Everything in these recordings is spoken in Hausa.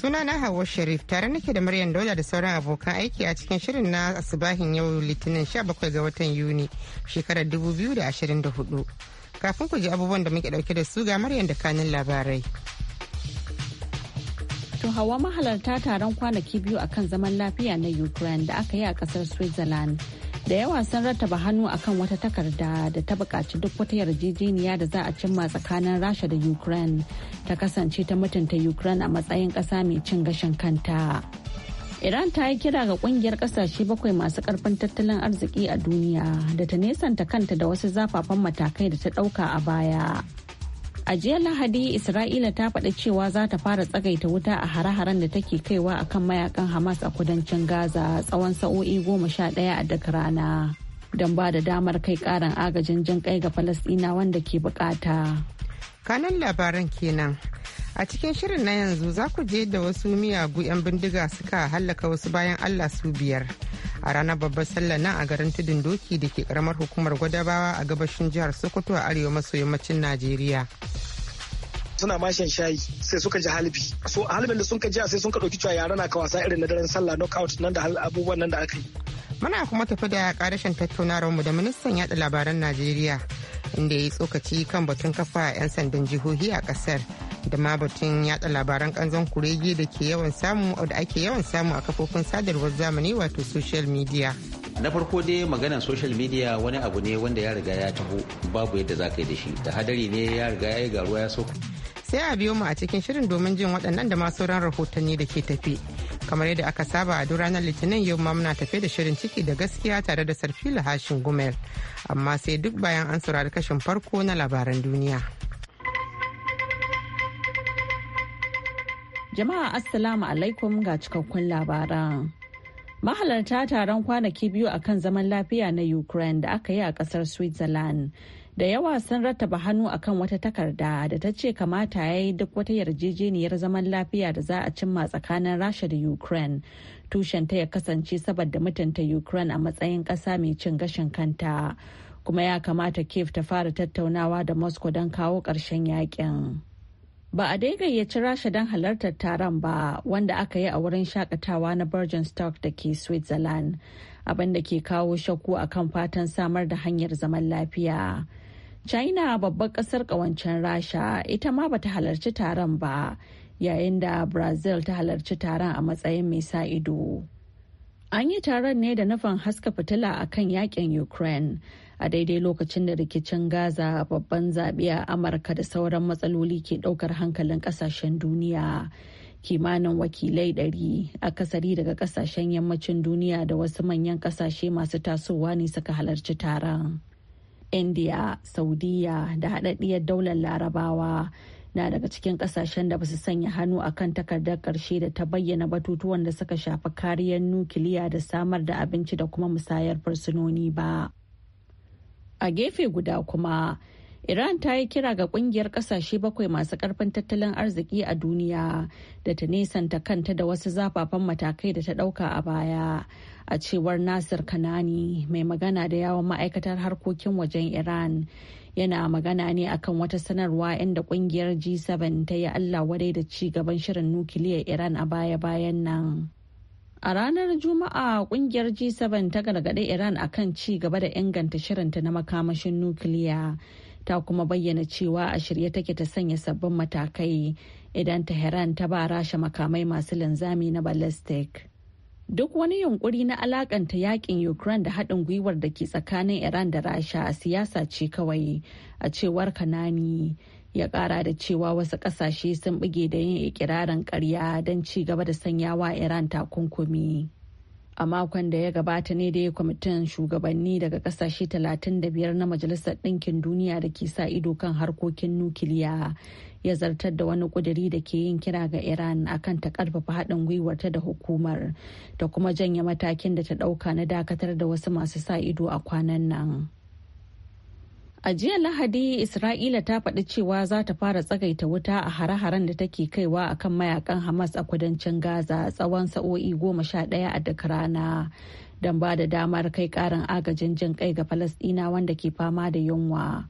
Suna na Sharif tare nake da maryan Dola da sauran abokan aiki a cikin shirin na asibahin yau Litinin 17 ga watan Yuni shekarar 2024. Kafin ku ji abubuwan da muke dauke da su ga Maryam da kanin labarai. To hawa mahalarta taron kwanaki biyu akan zaman lafiya na Ukraine da aka yi a kasar Switzerland. da yawa sun rattaba hannu akan wata takarda da ta bukaci duk wata yarjejeniya da za a cimma tsakanin rasha da ukraine ta kasance ta mutunta ukraine a matsayin ƙasa mai cin gashin kanta iran ta yi kira ga kungiyar ƙasashe bakwai masu ƙarfin tattalin arziki a duniya da ta nesanta kanta da wasu zafafan matakai da ta ɗauka a baya A jiya Lahadi Isra'ila ta faɗa cewa za ta fara tsagaita wuta a hare-haren da take kaiwa a kan mayakan Hamas a kudancin Gaza tsawon sa'o'i goma sha ɗaya a duk rana. Don ba da damar kai ƙarin agajin jin kai ga Falasɗina wanda ke bukata. Kanan labaran kenan. A cikin shirin na yanzu za ku je da wasu miyagu 'yan bindiga suka hallaka wasu bayan Allah su biyar. A ranar babbar sallah nan a garin tudun doki da ke karamar hukumar gwadabawa a gabashin jihar Sokoto a arewa maso yammacin Najeriya. suna mashin shayi sai suka ji halibi so halibin da sun ka sai sun ɗauki cewa yara na ka wasa irin na daren sallah knockout nan da abubuwan nan da aka yi. Muna kuma tafi da ƙarashin mu da ministan yaɗa labaran Najeriya inda ya yi tsokaci kan batun kafa 'yan sandan jihohi a ƙasar da ma batun yada labaran kanzon kurege da ke yawan samu da ake yawan samu a kafofin sadarwar zamani wato social media na farko dai maganar social media wani abu ne wanda ya riga ya taho babu yadda za ka yi da shi da hadari ne ya riga ya yi garuwa ya so sai a biyo mu a cikin shirin domin jin waɗannan da ma sauran rahotanni da ke tafi kamar yadda aka saba a duk ranar litinin yau ma muna tafe da shirin ciki da gaskiya tare da sarfila hashin gumel amma sai duk bayan an saurari kashin farko na labaran duniya. Jama'a Assalamu alaikum ga cikakkun labaran. Mahalarta taron kwanaki biyu a kan zaman lafiya na Ukraine da aka yi a kasar Switzerland. Da yawa sun rattaba hannu akan wata takarda da ta ce kamata ya yi duk wata yarjejeniyar zaman lafiya da za a cimma tsakanin Rasha da Ukraine. Tushenta ya kasance saboda mutunta Ukraine a matsayin ƙasa mai cin gashin kanta. Kuma ya kamata Kiev ta fara tattaunawa da Moscow don kawo ƙarshen yakin. ba a dai gayyaci rasha don halartar taron ba wanda aka yi a wurin shakatawa na Stock da ke switzerland abin da ke kawo shakku kan fatan samar da hanyar zaman lafiya china babbar kasar kawancen rasha ita ma bata halarci taron ba yayin da brazil ta halarci taron a matsayin mai sa ido an yi taron ne da nufin haska fitila kan yakin ukraine a daidai lokacin da rikicin gaza babban zaɓe a amurka da sauran matsaloli ke ɗaukar hankalin ƙasashen duniya kimanin wakilai ɗari akasari daga ƙasashen yammacin duniya da wasu manyan ƙasashe masu tasowa ne suka halarci taron indiya saudiya da haɗaɗɗiyar daular larabawa na daga cikin ƙasashen da basu sanya hannu a kan takardar ƙarshe da ta bayyana batutuwan da suka shafi kariyar nukiliya da samar da abinci da kuma musayar fursunoni ba. a gefe guda kuma iran ta yi kira ga kungiyar kasashe bakwai masu karfin tattalin arziki a duniya da ta nesanta kanta da wasu zafafan matakai da ta dauka a baya a cewar nasir kanani mai magana da yawon ma'aikatar harkokin wajen iran yana magana ne akan wata sanarwa inda kungiyar g7 ta yi allah wadai da ci gaban shirin nukiliyar iran a baya-bayan nan A ranar Juma'a kungiyar G7 ta gargaɗi Iran akan ci gaba da inganta shirinta na makamashin nukiliya. Ta kuma bayyana cewa a shirye take ta sanya sabbin matakai idan Tehran ta ba rasha makamai masu linzami na ballistic. Duk wani yunkuri na alakanta yakin Ukraine da haɗin gwiwar da ke tsakanin Iran da Rasha a siyasa ce kawai a cewar Kanani ya kara da cewa wasu kasashe sun bige da yin ikirarin karya don ci gaba da sanyawa iran takunkumi a makon da ya gabata ne da ya kwamitin shugabanni daga kasashe 35 na majalisar ɗinkin duniya da ke sa ido kan harkokin nukiliya ya zartar da wani kuduri da ke yin kira ga iran akan ta karfafa haɗin gwiwarta da hukumar da kuma janye matakin da ta ɗauka na dakatar da wasu masu sa ido a kwanan nan. A jiya Lahadi Isra'ila ta faɗi cewa za ta fara tsagaita wuta a hare-haren da take kaiwa a kan mayakan Hamas a kudancin Gaza tsawon sa'o'i goma sha ɗaya a duk rana don ba da damar kai ƙarin agajin jin kai ga Falasɗina wanda ke fama da yunwa.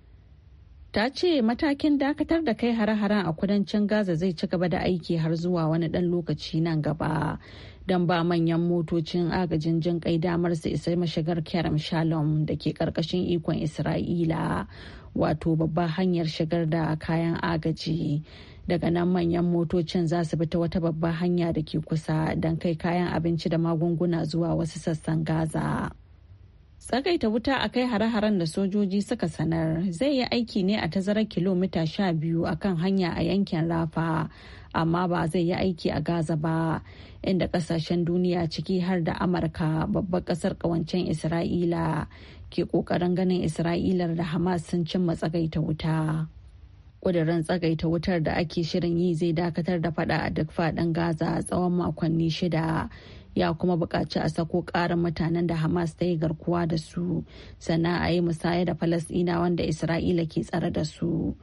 ta ce matakin dakatar da kai hare-haren a kudancin gaza zai ci gaba da aiki har zuwa wani dan lokaci nan gaba don ba manyan motocin agajin jin kai damar su isa mashigar kerem shalom da ke karkashin ikon isra'ila wato babbar hanyar shigar da kayan agaji daga nan manyan motocin za su bi ta wata babbar hanya da ke kusa don kai kayan abinci da magunguna zuwa wasu sassan gaza. Tsagaita wuta a kai hare-haren da sojoji suka sanar zai yi aiki ne a tazarar kilomita sha biyu a kan hanya a yankin Rafa, amma ba zai yi aiki a Gaza ba, inda kasashen duniya ciki har da Amurka babbar kasar kawancen Isra'ila ke kokarin ganin Isra'ilar da Hamas sun cimma tsagaita wuta. kudirin tsagaita wutar da ake shirin yi zai dakatar da fada a duk fadin gaza tsawon makonni shida ya kuma bukaci a sako ƙarin mutanen da hamas ta yi garkuwa da su sannan a yi musaya da falasɗina wanda isra'ila ke tsare da su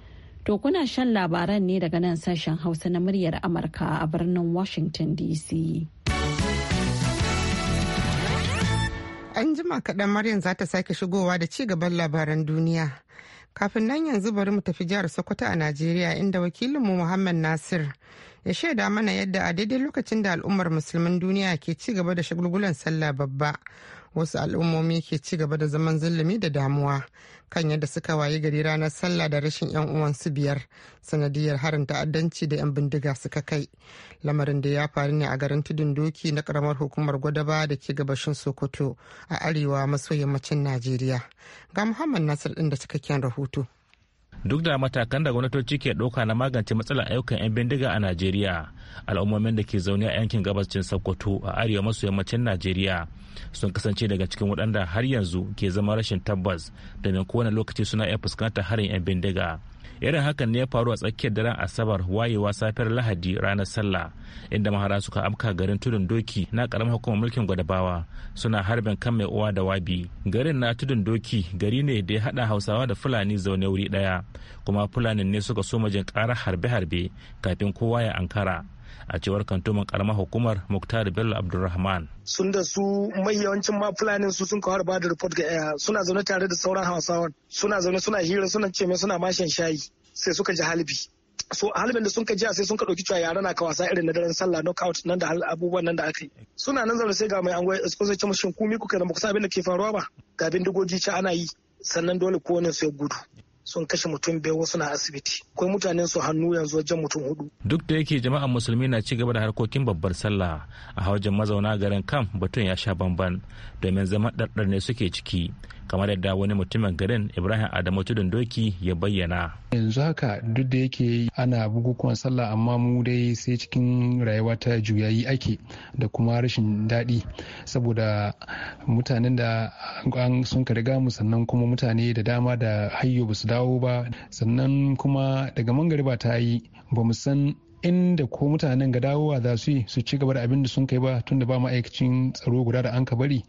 to kuna shan labaran ne daga nan sashen hausa na muryar amurka a birnin washington dc an jima kaɗan maryam za ta sake shigowa da ci gaban labaran duniya kafin nan yanzu bari mu tafi jihar sokoto a najeriya inda wakilinmu muhammad nasir ya shaida mana yadda a daidai lokacin da al'ummar musulmin duniya ke ci gaba da shagulgulan sallah babba wasu al'ummomi ke ci gaba da zaman zulumi da damuwa kan yadda suka waye gari ranar sallah da rashin yan uwansu biyar sanadiyar harin ta'addanci da yan bindiga suka kai lamarin da ya faru ne a garin tudun doki na karamar hukumar gwadaba da ke gabashin sokoto a arewa maso yammacin najeriya ga muhammad nasir din da cikakken rahoto duk da matakan da gwamnatoci ke ɗauka na magance matsalar ayyukan 'yan bindiga a najeriya al'ummomin da ke zaune a yankin gabas cin sokoto a arewa maso yammacin najeriya sun kasance daga cikin waɗanda har yanzu ke zama rashin tabbas domin kowane lokaci suna iya fuskantar harin 'yan bindiga irin hakan ne ya faru a tsakiyar daren asabar wayewa safiyar lahadi ranar sallah inda mahara suka amka garin tudun doki na karamar hukumar mulkin gwadabawa suna harbin kan mai uwa da wabi garin na tudun doki gari ne da ya hada hausawa da fulani zaune wuri daya kuma fulanin ne suka so majin karar harbe-harbe kafin kowa ya ankara a cewar kantoman karamar hukumar muktar bello abdulrahman sun da su mai yawancin ma fulani su sun kawar ba da report ga yaya suna zaune tare da sauran hausawan suna zaune suna hira suna ce mai suna mashin shayi sai suka ji halibi so halibin da sun ka jiya sai sun ka ɗauki cewa yara na ka wasa irin na daren sallah knockout nan da abubuwan nan da aka yi suna nan zaune sai ga mai angoya sun sai ce mashin kumi kuka da ba ku abin da ke faruwa ba ga bindigogi ce ana yi sannan dole kowane su ya gudu sun kashe mutum biyar wasu na asibiti akwai mutanen su hannu yanzu wajen mutum hudu duk da yake jama'an musulmi na ci gaba da harkokin babbar sallah a hawajin mazauna garin kam batun ya sha bamban domin zama ɗarɗar ne suke ciki kamar yadda wani mutumin garin ibrahim adamu tudun doki ya bayyana yanzu haka duk da yake ana bukukuwan sallah amma mu dai sai cikin rayuwa ta juyayi ake da kuma rashin daɗi saboda mutanen da an sun riga mu sannan kuma mutane da dama da hayyo ba su dawo ba sannan kuma daga mangariba ta yi ba mu san inda ko mutanen ga dawowa za su yi su ci gaba da abin da sun kai ba tunda ba ma'aikacin tsaro guda da an ka bari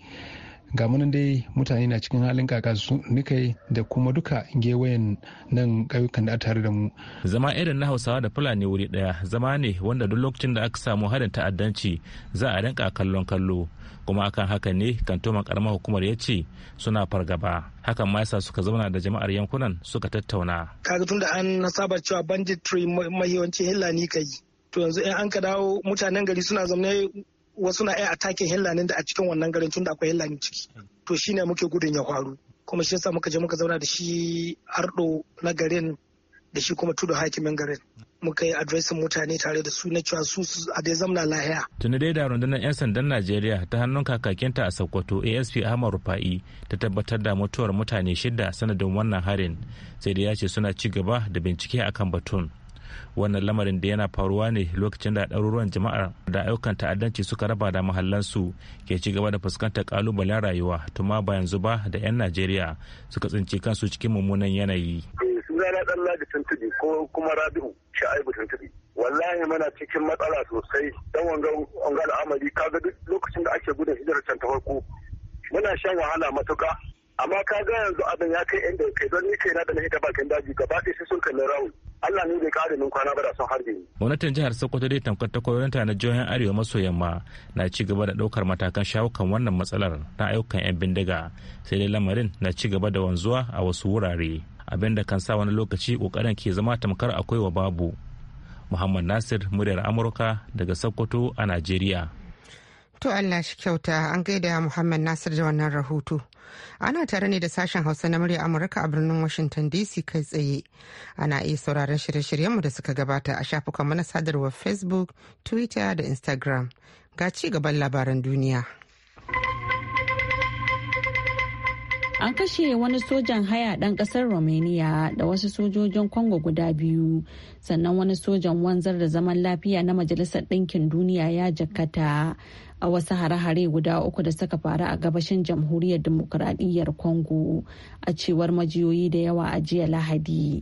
ga munan dai mutane na cikin halin kaka su nikai da kuma duka gewayen nan ƙauyukan da a tare da mu zama irin na hausawa da fulani wuri ɗaya zama ne wanda duk lokacin da aka samu harin ta'addanci za a rinka kallon kallo kuma akan haka ne kantoman karamar hukumar ya ce suna fargaba hakan ma yasa suka zauna da jama'ar yankunan suka tattauna kaga tun da an saba cewa banditry mahiwancin hillani kai to yanzu in an ka dawo mutanen gari suna zaune wasu na iya atakin hillanin da a cikin wannan garin tun da akwai hillanin ciki to shine muke gudun ya faru kuma shi yasa muka je muka zauna da shi ardo na garin da shi kuma tudu hakimin garin muka yi adresin mutane tare da su na cewa su a dai zamna lahiya. Tuni dai da rundunar 'yan sandan Najeriya ta hannun kakakinta a Sokoto ASP Ahmad Rufa'i ta tabbatar da mutuwar mutane shida sanadin wannan harin sai da ya ce suna ci gaba da bincike akan batun. wannan lamarin da yana faruwa ne lokacin da ɗaruruwan jama'ar da ayyukan ta'addanci suka raba da mahallansu ke ci gaba da fuskantar kalubalen rayuwa tuma ba yanzu ba da 'yan najeriya suka tsinci kansu cikin mummunan yanayi eh, sunana ko kuma rabi'u tuntubi wallahi mana cikin matsala sosai dan wanga wanga al'amari kaga duk lokacin da ake gudun hijirar can ta farko muna shan wahala matuka amma ka ga yanzu abin ya kai inda kai don ni kaina da na hita bakin daji gaba ɗaya sai sun kalli rawu Allah ne bai kare min kwana ba da sun harbe ni. Gwamnatin jihar Sokoto dai tamkar ta ta na jihohin Arewa maso yamma na ci gaba da ɗaukar matakan shawo kan wannan matsalar na ayyukan 'yan bindiga sai dai lamarin na ci gaba da wanzuwa a wasu wurare abin da kan sa wani lokaci kokarin ke zama tamkar akwai wa babu. Muhammad Nasir muryar Amurka daga Sokoto a Najeriya. To Allah shi kyauta an gaida Muhammad Nasir da wannan rahoto. Ana tare ne da sashen Hausa na murya Amurka a birnin Washington DC kai tsaye. Ana iya sauraron shirye-shiryenmu da suka gabata a shafukan mana sadarwar Facebook, Twitter da Instagram. Ga ci gaban labaran duniya. An kashe wani sojan haya ɗan ƙasar Romania da wasu sojojin Congo guda biyu, sannan wani sojan wanzar da zaman lafiya na Majalisar Ɗinkin Duniya ya jakkata a wasu hare-hare guda uku da suka faru a gabashin jamhuriyar demokuraɗiyyar congo a cewar majiyoyi da yawa a jiya lahadi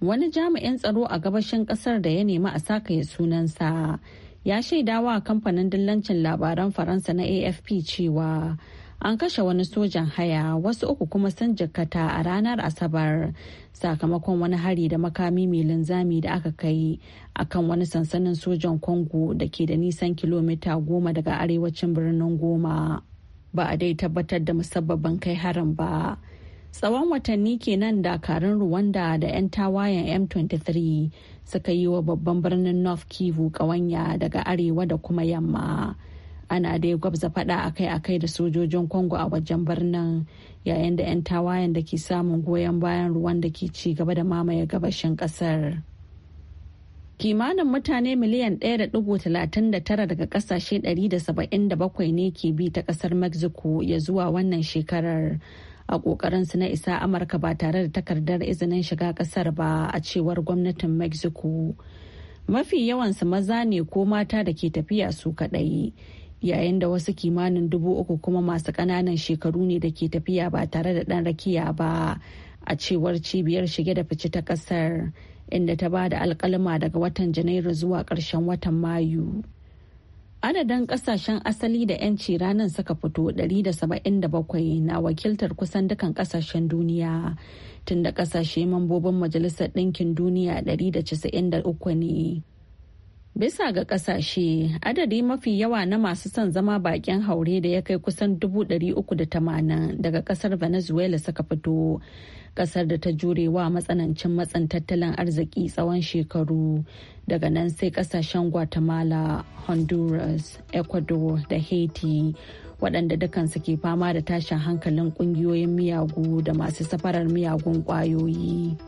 wani jami'in tsaro a gabashin kasar da ya nemi a sakaya sunansa ya shaidawa kamfanin dillancin labaran faransa na afp cewa an kashe wani sojan haya wasu uku kuma sun jikkata a ranar asabar sakamakon wani hari da makami mai linzami da aka kai akan wani sansanin sojan congo da ke da nisan kilomita goma daga arewacin birnin goma ba a dai tabbatar da musabbabin kai harin ba tsawon watanni kenan dakarun rwanda da 'yan tawayen m23 suka yi wa babban birnin north kivu kawanya daga arewa da kuma yamma ana dai gwabza fada akai-akai da sojojin congo a wajen birnin yayin da 'yan tawayen da ke samun goyon bayan ruwan da ke ci gaba da mamaye gabashin kasar kimanin mutane miliyan 1.39 daga kasashe 177 ne ke bi ta kasar mexico ya zuwa wannan shekarar a su na isa amurka ba tare da takardar izinin shiga kasar ba a cewar gwamnatin mexico mafi yawansu maza ne ko mata da ke tafiya su kadai yayin da wasu kimanin dubu uku kuma masu ƙananan shekaru ne da ke tafiya ba tare da ɗan rakiya ba a cewar cibiyar shige da fice ta ƙasar inda ta ba da alƙalma daga watan janairu zuwa ƙarshen watan mayu adadin ƙasashen asali da 'yanci ranar suka fito 177 na wakiltar kusan dukan ƙasashen duniya tunda ƙasashe mambobin majalisar ɗinkin duniya 193 ne Bisa ga kasashe, adadi mafi yawa na masu son zama bakin haure da ya kai kusan 380 daga kasar Venezuela suka fito. Kasar da ta jure wa matsanancin matsan tattalin arziki tsawon shekaru. Daga nan sai kasashen Guatemala, Honduras, Ecuador da Haiti. waɗanda dukansu ke fama da tashin hankalin ƙungiyoyin miyagu da masu safarar miyagun ƙwayoyi.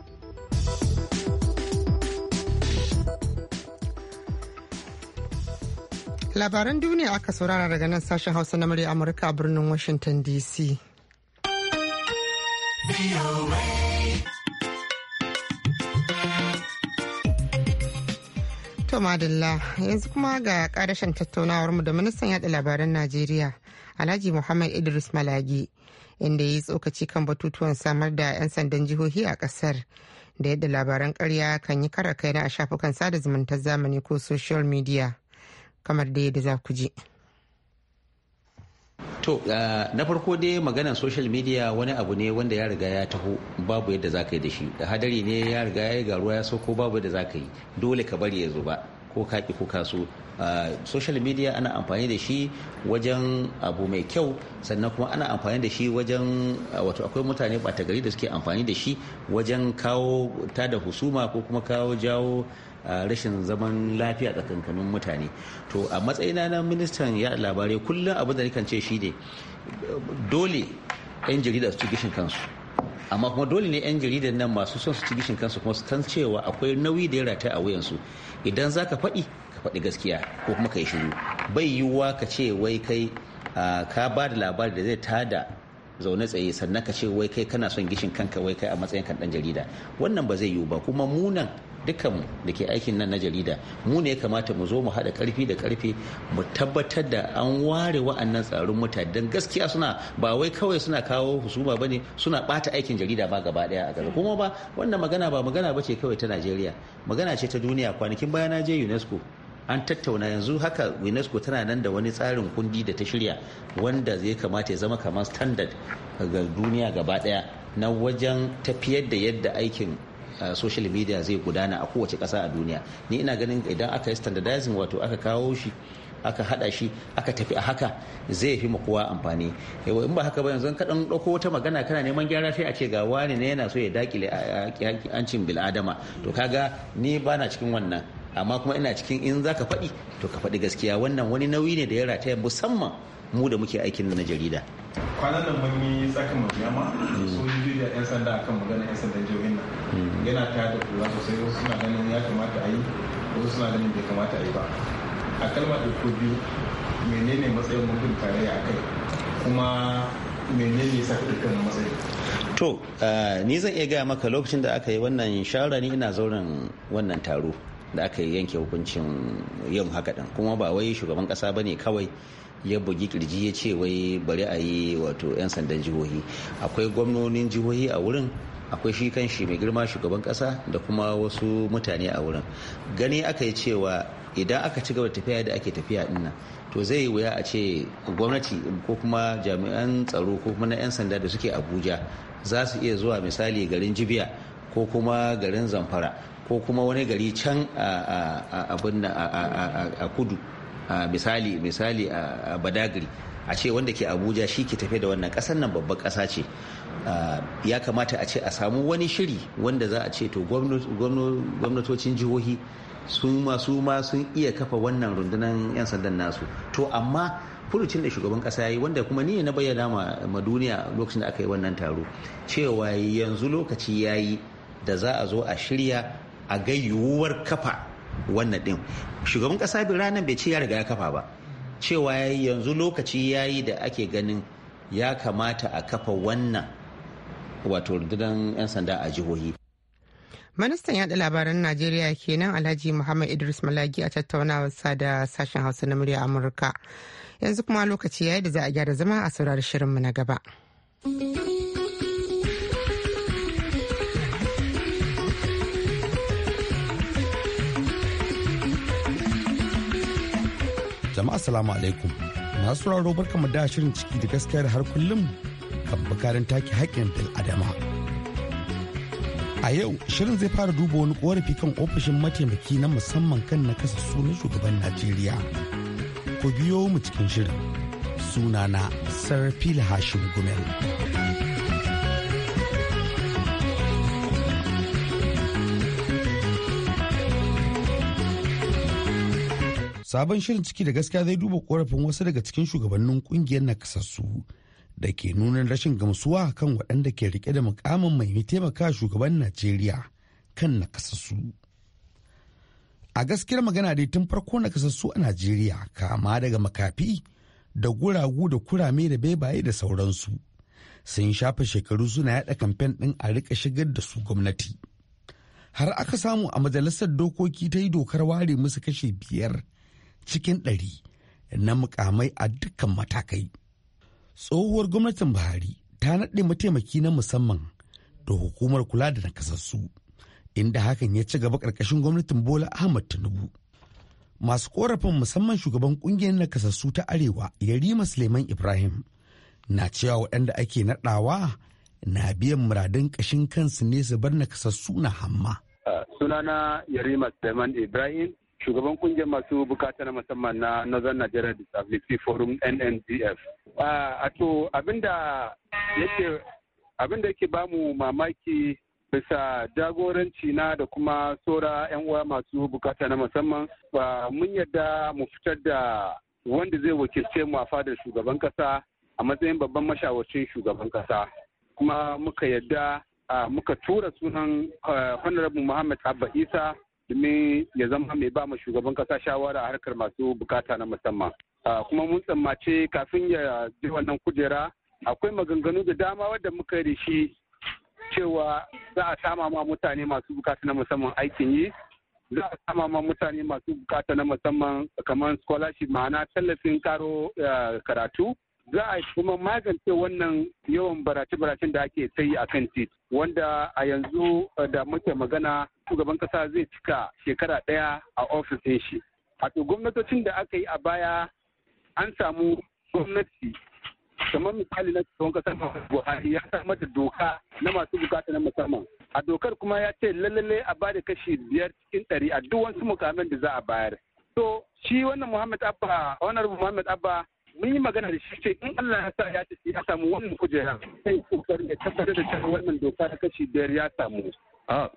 Labaran duniya aka saurara daga nan sashen Hausa na murya Amurka a birnin Washington DC. To madalla yanzu kuma ga karashen tattaunawar mu da ministan yada labaran Najeriya Alhaji Muhammad Idris Malagi inda ya yi tsokaci kan batutuwan samar da 'yan sandan jihohi a kasar da yadda labaran karya kan yi kara na a shafukan sada zumuntar zamani ko social media. kamar da yadda za ku ji. To uh, na farko dai maganar social media wani abu ne wanda ya riga ya taho babu yadda za ka yi da shi da hadari ne ya riga ya yi garuwa ya sauko babu yadda za ka yi dole ka bari ya ba ko ka ko ka so uh, social media ana amfani da shi wajen abu mai kyau sannan kuma ana amfani da shi wajen uh, wato akwai mutane ta gari da suke amfani da shi wajen kawo da husuma ko kuma kawo jawo rashin zaman lafiya tsakankanin mutane to a matsayina na ministan ya labarai kullum abin da kan ce shine dole 'yan jarida su ci gishin kansu amma kuma dole ne 'yan jaridan nan masu son su ci gishin kansu kuma su san cewa akwai nauyi da ya rata a wuyansu idan za ka faɗi ka faɗi gaskiya ko kuma ka yi shiru bai yiwuwa ka ce wai kai ka ba da labari da zai tada zaune tsaye sannan ka ce wai kai kana son gishin kanka wai kai a matsayin kan dan jarida wannan ba zai yiwu ba kuma munan dukkanmu da ke aikin nan na jarida mu ne kamata mu zo mu haɗa ƙarfi da ƙarfi mu tabbatar da an ware wa'annan tsarin mutane don gaskiya suna ba wai kawai suna kawo husuma bane suna ɓata aikin jarida ma gaba ɗaya a gaba kuma ba wannan magana ba magana ba ce kawai ta Najeriya magana ce ta duniya kwanakin baya na je UNESCO an tattauna yanzu haka unesco tana nan da wani tsarin kundi da ta shirya wanda zai kamata ya zama kamar standard ga duniya gaba ɗaya na wajen tafiyar da yadda aikin social media zai gudana a kowace ƙasa a duniya ni ina ganin idan aka yi standardizing wato aka kawo shi aka hada shi aka tafi a haka zai fi kowa amfani yau in ba haka ba yanzu kaɗan ɗauko wata magana kana neman gyara sai a ce ga wani ne yana so ya dakile bil bil'adama to kaga ni bana cikin wannan amma kuma ina cikin in za ka faɗi to ka faɗi gaskiya wannan wani nauyi ne da ya rataya musamman mu da muke aikin na jarida kwanan nan mun yi tsakan mu sun sojoji da yan sanda akan magana yan sandan jihohin nan yana ta da kura sosai wasu suna ganin ya kamata a yi wasu suna ganin bai kamata a yi ba a kalma ɗauko biyu menene matsayin mutum tarayya a kai kuma menene sa sa kan matsayin to eh, ni zan iya gaya maka lokacin da aka yi wannan shawara ni ina zauren wannan taro da aka yanke hukuncin yin haka din kuma ba wai shugaban kasa ba ne kawai ya bugi kirji ya ce wai bari a yi wato 'yan sandan jihohi akwai gwamnonin jihohi a wurin akwai shi kan shi mai girma shugaban kasa da kuma wasu mutane a wurin gani aka yi cewa idan aka ci gaba tafiya da ake tafiya dinnan to zai yi wuya a ce gwamnati ko kuma jami'an tsaro ko kuma na 'yan sanda da suke abuja za su iya zuwa misali garin jibiya ko kuma garin zamfara ko kuma wani gari can a kudu misali misali a badagri a ce wanda ke abuja shi ke tafe da wannan kasan nan babban kasa ce ya kamata a ce a samu wani shiri wanda za a ce to gwamnatocin jihohi su masu ma sun iya kafa wannan rundunar 'yan sandan nasu to amma furucin da shugaban kasa ya yi wanda kuma ni na bayyana ma duniya lokacin da aka yi wannan taro cewa yanzu lokaci ya yi da za a zo a shirya a ga yiwuwar kafa wannan din shugaban kasa bi ranar bai ce ya riga ya kafa ba cewa yanzu lokaci ya yi da ake ganin ya kamata a kafa wannan wato rundunar 'yan sanda a jihohi ministan yaɗa labaran najeriya kenan alhaji muhammad idris malagi a tattaunawarsa da sashen hausa na murya amurka yanzu kuma lokaci yayi da za a gyara zama a saurari shirinmu na gaba. Jama'a assalamu alaikum. Masu sauraro barka mu da shirin ciki da gaskiyar har kullum kan bukarin take haƙƙin bil adama. A yau shirin zai fara duba wani korafi kan ofishin mataimaki na musamman kan na kasa sunan shugaban Najeriya. Ku biyo mu cikin shirin. Sunana Sarfil Hashim Gumel. sabon shirin ciki da gaskiya zai duba korafin wasu daga cikin shugabannin kungiyar nakasassu da ke nuna rashin gamsuwa kan waɗanda ke rike da mukamin mai taimaka shugaban najeriya kan nakasassu a gaskiyar magana dai tun farko nakasassu a najeriya kama daga makafi da guragu da kurame da bebaye da sauransu sun shafe shekaru suna yada kamfen ɗin a rika shigar da su gwamnati har aka samu a majalisar dokoki ta yi dokar ware musu kashe biyar cikin ɗari na mukamai a dukkan matakai. Tsohuwar gwamnatin Buhari ta naɗe mataimaki na musamman da hukumar kula da nakasassu, inda hakan ya ci gaba ƙarƙashin gwamnatin Bola Ahmad Tinubu. Masu ƙorafin musamman shugaban ƙungiyar nakasassu ta Arewa Yarima Suleiman Ibrahim na cewa waɗanda ake naɗawa na biyan muradun ƙashin kansu ne su bar nakasassu na hamma. Uh, sunana Yarima Suleiman Ibrahim shugaban kungiyar masu bukata na musamman na Northern Nigeria Disability Forum NNDF. Ah, a to abinda yake abinda yake bamu mamaki bisa jagoranci na da kuma sora 'yan uwa masu bukata na musamman ba mun yadda mu fitar da wanda zai wakilce mu a fadar shugaban kasa a matsayin babban mashawarcin shugaban kasa kuma muka yadda ah, muka tura sunan ah, honorable muhammad abba isa domin ya zama mai ba ma shugaban kasa shawara a harkar masu bukata na musamman ah, kuma mun tsammace kafin ya je wannan kujera akwai maganganu da dama wadda muka yi da shi cewa za a sama ma mutane masu bukata na musamman aikin yi za a sama ma mutane masu bukata na musamman kamar scholarship ma'ana tallafin karo ah, karatu za a kuma magance wannan yawan barace-baracen da ake sayi a kan titi wanda a yanzu eh, da muke magana shugaban kasa zai cika shekara ɗaya a ofis shi. A gwamnatocin da aka yi a baya an samu gwamnati kamar misali na shugaban kasar Buhari ya samar da doka na masu bukata na musamman. A dokar kuma ya ce lalle a ba da kashi biyar cikin ɗari a duk wasu mukamin da za a bayar. To shi wannan Muhammad Abba, Honorable Muhammad Abba mun yi magana da shi ce in Allah ya sa ya tafi ya samu wannan kujera sai kokarin ya tabbatar da cewa wannan doka ta kashi biyar ya samu. A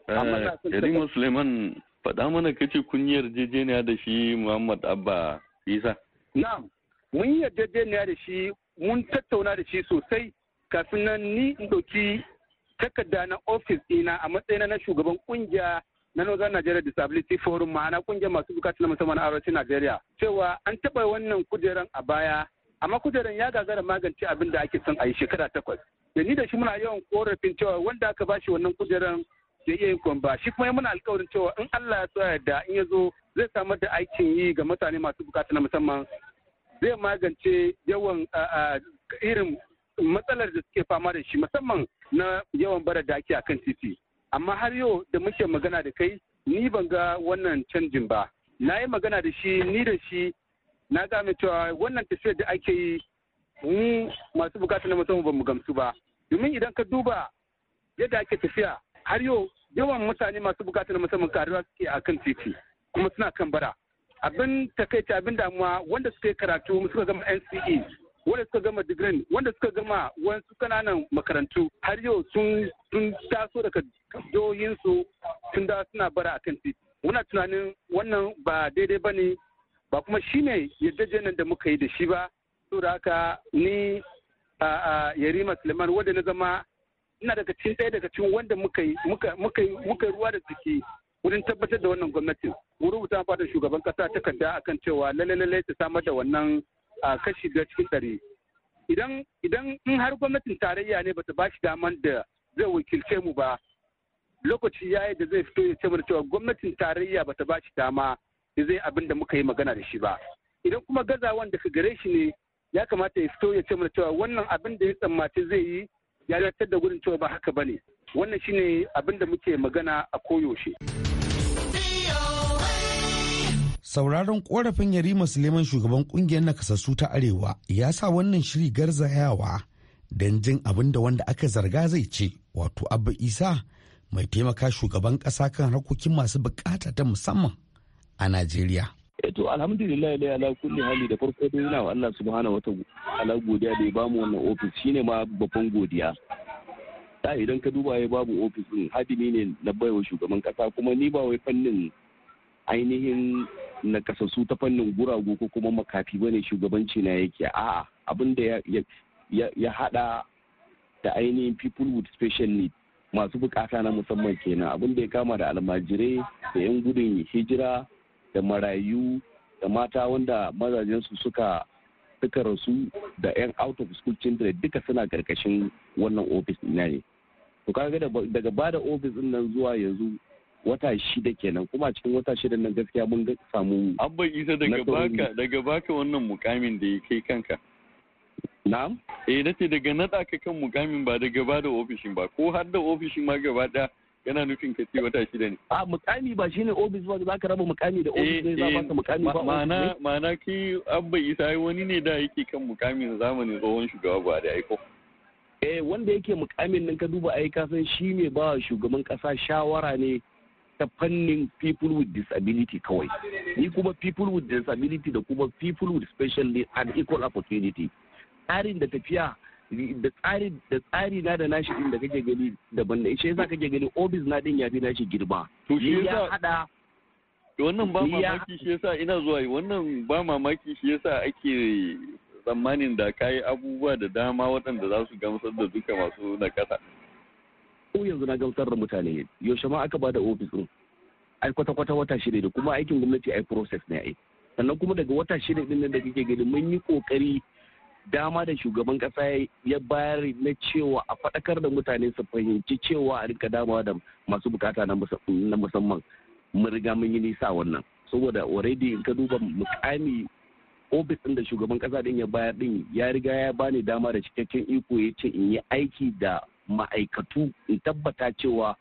Yarima eh, Suleiman faɗa mana kace kun yi yarjejeniya da shi Muhammad Abba Isa. Na'am mun yi yarjejeniya da shi mun tattauna da shi sosai kafin nan ni in ɗauki takarda na ofis ɗina a matsayina na shugaban kungiya na Northern Nigeria Disability Forum ma'ana kungiyar masu bukatu na musamman a arewacin Najeriya cewa an taɓa wannan kujeran a baya amma kujeran ya gagara magance abin da ake son a yi shekara takwas da ni da shi muna yawan korafin cewa wanda aka bashi wannan kujeran da iya yin kwamba shi kuma muna alkawarin cewa in Allah ya tsaya da in ya zo zai samar da aikin yi ga mutane masu bukata na musamman zai magance yawan irin matsalar da suke fama da shi musamman na yawan bara da ake akan titi amma har yau da muke magana da kai ni ban ga wannan canjin ba na yi magana da shi ni da shi na gane cewa wannan tafiyar da ake yi mu masu bukata na musamman ba mu gamsu ba domin idan ka duba yadda ake tafiya har yau yawan mutane masu bukata na musamman karuwa suke a kan titi kuma suna kan bara abin takaici abin damuwa wanda suka yi karatu suka gama nce wanda suka gama digirin wanda suka gama wasu kananan makarantu har yau sun taso daga jihohinsu sun da suna bara a kan titi muna tunanin wannan ba daidai ba ne ba kuma shine yarjejeniyar da muka yi da shi ba da haka ni a yarima suleiman wanda na zama ina daga cikin ɗaya daga cikin wanda muka yi muka ruwa da ciki wurin tabbatar da wannan gwamnatin wurin rubuta fatan shugaban kasa takarda akan cewa lalle ta samar da wannan kashi da cikin ɗari idan in har gwamnatin tarayya ne bata ba shi daman da zai wakilce mu ba lokaci yayi da zai fito ya ce mana cewa gwamnatin tarayya bata ba shi dama zai abin da muka yi magana da shi ba idan kuma gazawan daga gare shi ne ya kamata ya fito ya ce mana cewa wannan abin da ya tsammaci zai yi ya dace da gudun cewa ba haka ba ne wannan shine abin da muke magana a koyaushe. sauraron korafin yarima suleiman shugaban kungiyar nakasassu ta arewa ya sa wannan shiri garzayawa don jin abin da wanda aka zarga zai ce wato abba isa mai taimaka shugaban kasa kan harkokin masu bukata ta musamman a Najeriya. Eto eh, alhamdulillah dai ala kulli hali da farko dai yana Allah subhanahu wataala godiya da ya bamu wannan ofis shine ma babban godiya da idan ka duba ya babu ofis din hadimi ne na baiwa shugaban kasa kuma ni ba wai fannin ainihin na kasasu ta fannin guragu ko kuma makafi bane shugabanci na yake a'a abin da ya hada da ainihin people with special needs masu bukata na musamman kenan abin da ya kama da almajirai da yan gudun hijira da marayu da mata wanda mazajensu suka suka rasu da 'yan out of school children duka suna karkashin wannan ofis na ne to kaga daga bada ofis din nan zuwa yanzu wata shida kenan kuma cikin wata shida nan gaskiya mun ga samu abba isa daga baka daga baka wannan mukamin da ya kai kanka na'am eh nace daga nada ka kan mukamin ba daga bada ofishin ba ko har da ofishin ma gaba daya yana nufin ka ce wata shida ne a mukami ba shine ofis ba za ka raba mukami da ofis ne eh, za ba eh, ka mukami ba ma'ana ma'ana ki abba isa wani ne da yake kan mukamin zamanin tsohon shugaba ba da aiko eh wanda yake mukamin nan ka duba ai ka san shi ne ba shugaban kasa shawara ne ta fannin people with disability kawai ni kuma people with disability da kuma people with special needs and equal opportunity tsarin da tafiya da tsari da tsari na da nashi din da kake gani daban da shi yasa kake gani obis na din yafi nashi girma to shi ya hada wannan ba mamaki shi yasa ina zuwa wannan ba mamaki shi yasa ake tsammanin da kayi abubuwa da dama waɗanda za su gamsar da duka masu kasa ko yanzu na gamsar da mutane yaushe ma aka bada ofis din ai kwata kwata wata shi ne da kuma aikin gwamnati ai process ne ai sannan kuma daga wata ne din da kake gani mun yi kokari dama da shugaban kasa ya bayar na cewa a faɗakar da mutane su fahimci cewa a rinka dama da masu bukata na musamman mun riga mun yi nisa wannan saboda already in ka duba mukami ofis ɗin da shugaban kasa din ya bayar din ya riga ya bani dama da cikakken iko ya ce in yi aiki da ma'aikatu in tabbata cewa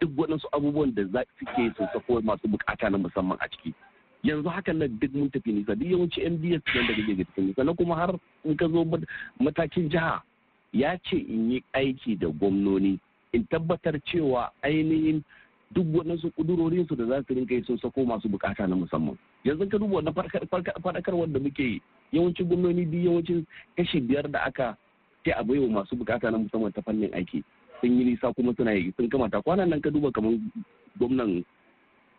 duk waɗansu abubuwan da suke su masu bukata na musamman a ciki yanzu haka nan duk mun tafi nisa duk yawanci mds nan daga jirgin tafi nisa na kuma har in ka zo matakin jiha ya ce in yi aiki da gwamnoni in tabbatar cewa ainihin duk waɗansu ƙudurorinsu da za su rinka yi sun sako masu bukata na musamman yanzu ka duba na faɗakarwar da muke yi yawancin gwamnoni duk yawancin kashi biyar da aka ce a baiwa masu bukata na musamman ta fannin aiki sun yi nisa kuma suna yi sun kamata kwanan nan ka duba kamar gwamnan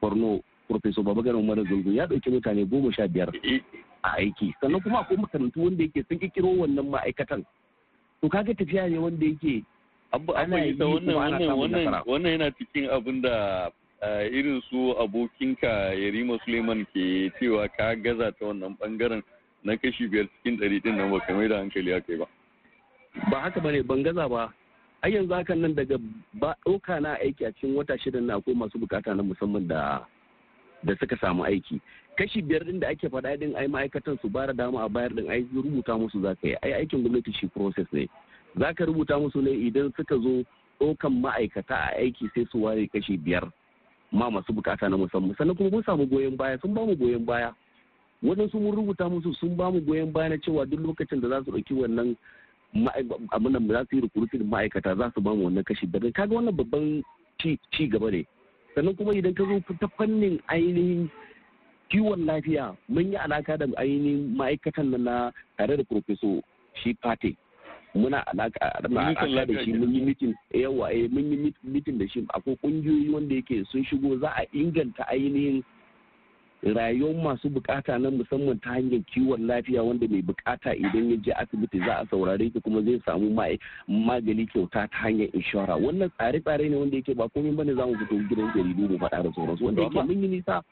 borno Profesor Babagar Umar Zulgu ya ɗauki mutane goma sha biyar eh, eh. a aiki sannan kuma akwai makarantu wanda yake sun kirkiro wannan ma'aikatan to kaga tafiya ne wanda yake abu ana yi kuma ana samun nasara wannan yana cikin abin da eh, irin su abokinka Yarima Suleiman ke cewa ka gaza ta wannan bangaren na kashi biyar cikin ɗari ɗin nan ba kamar da hankali haka ba ba haka ba ne ban gaza ba ai yanzu hakan nan daga ba ɗauka na aiki a cikin wata shida na akwai masu bukata na musamman da da suka samu aiki kashi biyar din da ake faɗa din ai ma'aikatan su bara dama a bayar din ai rubuta musu za ka yi ai aikin gwamnati shi process ne za ka rubuta musu ne idan suka zo ɗaukan ma'aikata a aiki sai su ware kashi biyar ma masu bukata na musamman sannan kuma mun samu goyon baya sun bamu goyon baya Wannan mun rubuta musu sun bamu goyon baya na cewa duk lokacin da za su ɗauki wannan abin da za su yi rikurutin ma'aikata za su bamu wannan kashi biyar kaga wannan babban ci gaba ne sannan kuma idan ka zo ta fannin ainihin kiwon lafiya mun yi alaka da ainihin ma'aikatan na tare da profeso shi fate muna alaka da shi mun yi mitin yawa eh, mun yi mitin da shi akwai kungiyoyi wanda yake sun shigo za a inganta ainihin rayuwar masu bukata na musamman ta hanyar kiwon lafiya wanda mai bukata idan ya je asibiti za a saurare ki kuma zai samu magani kyauta ta hanyar inshora wannan tsare-tsare ne wanda yake ba komai bane za mu fito gidan jaridu mu faɗa da sauransu wanda yake mun yi nisa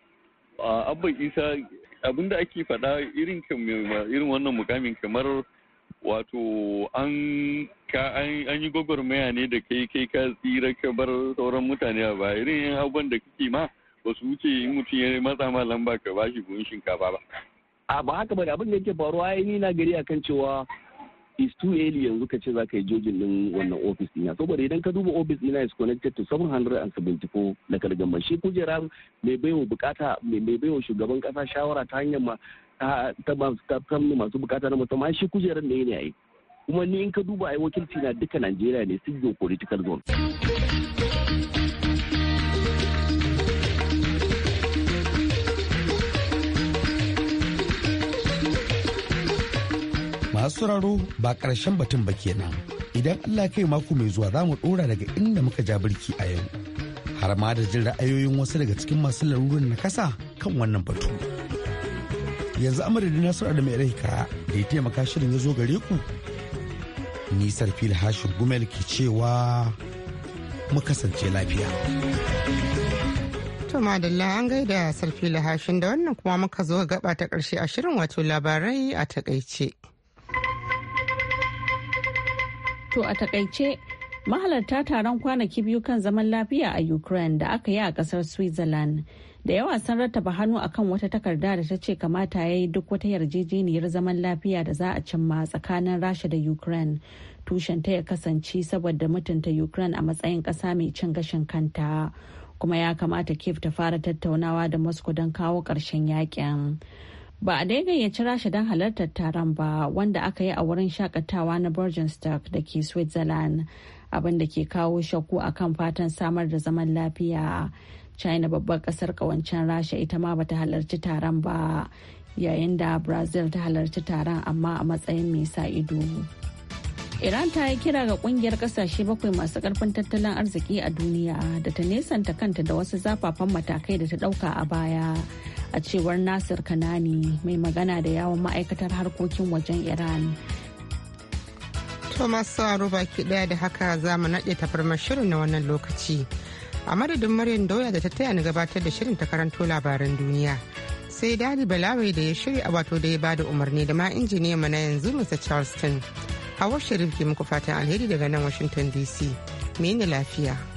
abban isa abinda ake faɗa irin irin wannan mukamin kamar wato an ka an yi gwagwarmaya ne da kai kai ka tsira ka bar sauran mutane a ba irin abubuwan da kake ma ba su wuce in mutum ya matsa ma lamba ka ba shi buhun shinkafa ba. A ba haka ba da abin da yake faruwa ya ni na gari kan cewa is too early yanzu ka ce za ka yi jojin din wannan ofis ɗina saboda idan ka duba ofis dina is connected to 774 na kalgamban shi kujera mai baiwa bukata mai baiwa shugaban kasa shawara ta hanyar ma ta masu bukata na musamman shi kujerar ne ne yi. kuma ni in ka duba ai wakilci na duka Najeriya ne single political zone masu sauraro ba ƙarshen batun ba kenan idan allah kai mako mai zuwa za mu ɗora daga inda muka ja birki a yau har ma da jin ra'ayoyin wasu daga cikin masu larurin na kasa kan wannan batu yanzu amadadin nasiru adamu ya kaya da ya taimaka shirin ya zo gare ku nisar fil hashin gumel ke cewa mu kasance lafiya to madalla an gaida sarfi lahashin da wannan kuma muka zo gaba ta karshe a shirin wato labarai a takaice. To a takaice mahalarta taron kwanaki biyu kan zaman lafiya a Ukraine da aka yi a kasar Switzerland. Da yawa sun rattaba hannu akan wata takarda da ta ce kamata ya yi duk wata yarjejeniyar zaman lafiya da za a cimma tsakanin Rasha da Ukraine. Tushenta ya kasance saboda mutunta Ukraine a matsayin kasa mai cin gashin kanta. Kuma ya kamata Kiev ta fara tattaunawa da Moscow don kawo karshen yakin. ba a dai gayyaci rasha don halartar taron ba wanda aka yi a wurin shakatawa na Burgenstock da ke switzerland abin da ke kawo shakku kan fatan samar da zaman lafiya china babbar kasar kawancen rasha ita ma bata halarci taron ba yayin da brazil ta halarci taron amma a matsayin mai sa ido iran ta yi kira ga kungiyar kasashe bakwai masu karfin tattalin arziki a duniya da ta nesanta kanta da wasu zafafan matakai da ta dauka a baya a cewar nasir kanani mai magana da yawon ma'aikatar harkokin wajen iran Thomas Saro baki daya da haka za mu naɗe tafarmar shirin na wannan lokaci. A madadin Maryam doya da ta taya ni gabatar da shirin ta karanto labaran duniya. Sai Dadi Balawai da ya shirya wato da ya bada umarni da ma injiniya mana yanzu Mr. Charleston. Hawar Sharif ke muku fatan alheri daga nan Washington DC. Me lafiya.